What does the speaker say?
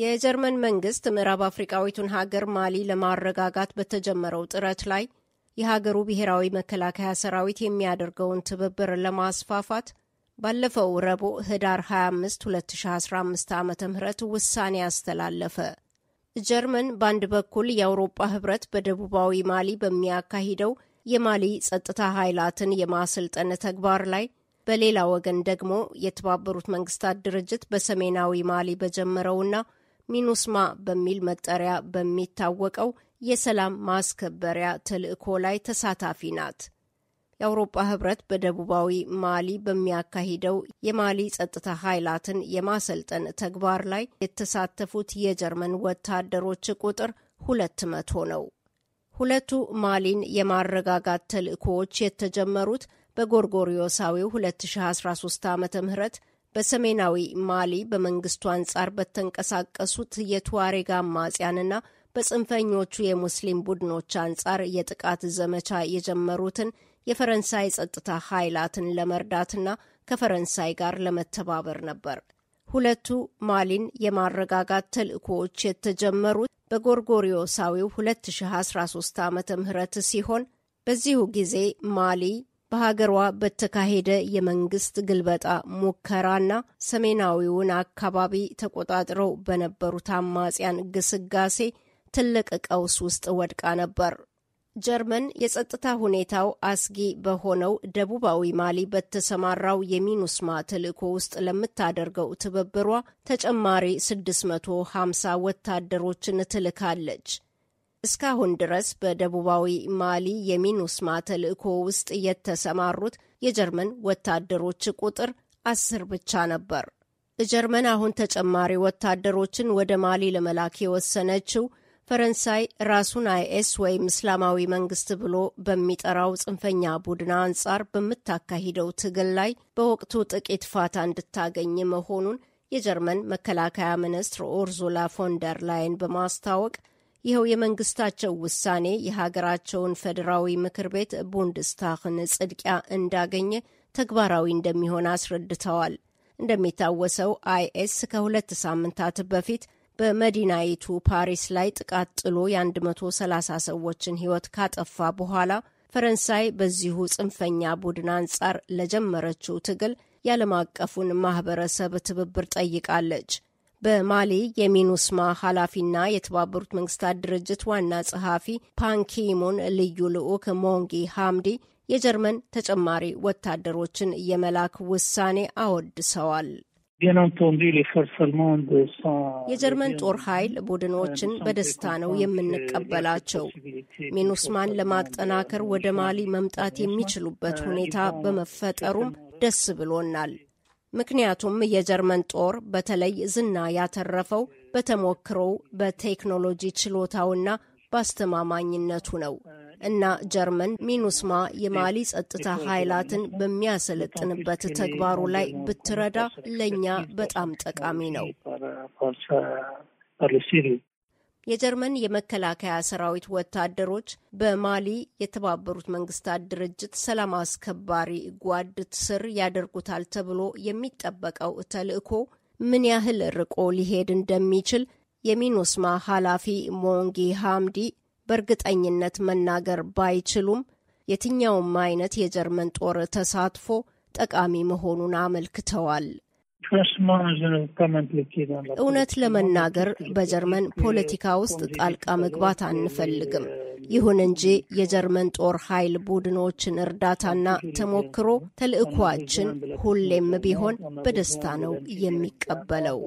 የጀርመን መንግስት ምዕራብ አፍሪቃዊቱን ሀገር ማሊ ለማረጋጋት በተጀመረው ጥረት ላይ የሀገሩ ብሔራዊ መከላከያ ሰራዊት የሚያደርገውን ትብብር ለማስፋፋት ባለፈው ረቡዕ ህዳር 25 2015 ዓ ም ውሳኔ አስተላለፈ። ጀርመን በአንድ በኩል የአውሮጳ ህብረት በደቡባዊ ማሊ በሚያካሂደው የማሊ ጸጥታ ኃይላትን የማሰልጠን ተግባር ላይ፣ በሌላ ወገን ደግሞ የተባበሩት መንግስታት ድርጅት በሰሜናዊ ማሊ በጀመረውና ሚኑስማ በሚል መጠሪያ በሚታወቀው የሰላም ማስከበሪያ ተልዕኮ ላይ ተሳታፊ ናት። የአውሮፓ ህብረት በደቡባዊ ማሊ በሚያካሂደው የማሊ ጸጥታ ኃይላትን የማሰልጠን ተግባር ላይ የተሳተፉት የጀርመን ወታደሮች ቁጥር ሁለት መቶ ነው። ሁለቱ ማሊን የማረጋጋት ተልዕኮዎች የተጀመሩት በጎርጎሪዮሳዊው 2013 ዓ ም በሰሜናዊ ማሊ በመንግስቱ አንጻር በተንቀሳቀሱት የቱዋሬግ አማጽያንና በጽንፈኞቹ የሙስሊም ቡድኖች አንጻር የጥቃት ዘመቻ የጀመሩትን የፈረንሳይ ጸጥታ ኃይላትን ለመርዳትና ከፈረንሳይ ጋር ለመተባበር ነበር። ሁለቱ ማሊን የማረጋጋት ተልእኮዎች የተጀመሩት በጎርጎሪዮሳዊው 2013 ዓ ም ሲሆን በዚሁ ጊዜ ማሊ በሀገሯ በተካሄደ የመንግስት ግልበጣ ሙከራና ሰሜናዊውን አካባቢ ተቆጣጥረው በነበሩት አማጽያን ግስጋሴ ትልቅ ቀውስ ውስጥ ወድቃ ነበር። ጀርመን የጸጥታ ሁኔታው አስጊ በሆነው ደቡባዊ ማሊ በተሰማራው የሚኑስማ ተልእኮ ውስጥ ለምታደርገው ትብብሯ ተጨማሪ 650 ወታደሮችን ትልካለች። እስካሁን ድረስ በደቡባዊ ማሊ የሚኑስማ ተልእኮ ውስጥ የተሰማሩት የጀርመን ወታደሮች ቁጥር አስር ብቻ ነበር። ጀርመን አሁን ተጨማሪ ወታደሮችን ወደ ማሊ ለመላክ የወሰነችው ፈረንሳይ ራሱን አይኤስ ወይም እስላማዊ መንግስት ብሎ በሚጠራው ጽንፈኛ ቡድን አንጻር በምታካሂደው ትግል ላይ በወቅቱ ጥቂት ፋታ እንድታገኝ መሆኑን የጀርመን መከላከያ ሚኒስትር ኡርዙላ ፎንደር ላይን በማስታወቅ ይኸው የመንግስታቸው ውሳኔ የሀገራቸውን ፌዴራዊ ምክር ቤት ቡንድስታክን ጽድቂያ እንዳገኘ ተግባራዊ እንደሚሆን አስረድተዋል። እንደሚታወሰው አይኤስ ከሁለት ሳምንታት በፊት በመዲናይቱ ፓሪስ ላይ ጥቃት ጥሎ የ130 ሰዎችን ሕይወት ካጠፋ በኋላ ፈረንሳይ በዚሁ ጽንፈኛ ቡድን አንጻር ለጀመረችው ትግል ያለም አቀፉን ማህበረሰብ ትብብር ጠይቃለች። በማሊ የሚኑስማ ኃላፊና የተባበሩት መንግስታት ድርጅት ዋና ጸሐፊ ፓንኪሙን ልዩ ልዑክ ሞንጊ ሃምዲ የጀርመን ተጨማሪ ወታደሮችን የመላክ ውሳኔ አወድሰዋል። የጀርመን ጦር ኃይል ቡድኖችን በደስታ ነው የምንቀበላቸው። ሚኑስማን ለማጠናከር ወደ ማሊ መምጣት የሚችሉበት ሁኔታ በመፈጠሩም ደስ ብሎናል። ምክንያቱም የጀርመን ጦር በተለይ ዝና ያተረፈው በተሞክሮው በቴክኖሎጂ ችሎታውና በአስተማማኝነቱ ነው እና ጀርመን ሚኑስማ የማሊ ጸጥታ ኃይላትን በሚያሰለጥንበት ተግባሩ ላይ ብትረዳ ለእኛ በጣም ጠቃሚ ነው። የጀርመን የመከላከያ ሰራዊት ወታደሮች በማሊ የተባበሩት መንግስታት ድርጅት ሰላም አስከባሪ ጓድ ስር ያደርጉታል ተብሎ የሚጠበቀው ተልዕኮ ምን ያህል ርቆ ሊሄድ እንደሚችል የሚኖስማ ኃላፊ ሞንጊ ሃምዲ በእርግጠኝነት መናገር ባይችሉም የትኛውም አይነት የጀርመን ጦር ተሳትፎ ጠቃሚ መሆኑን አመልክተዋል። እውነት ለመናገር በጀርመን ፖለቲካ ውስጥ ጣልቃ መግባት አንፈልግም። ይሁን እንጂ የጀርመን ጦር ኃይል ቡድኖችን እርዳታና ተሞክሮ ተልዕኳችን ሁሌም ቢሆን በደስታ ነው የሚቀበለው።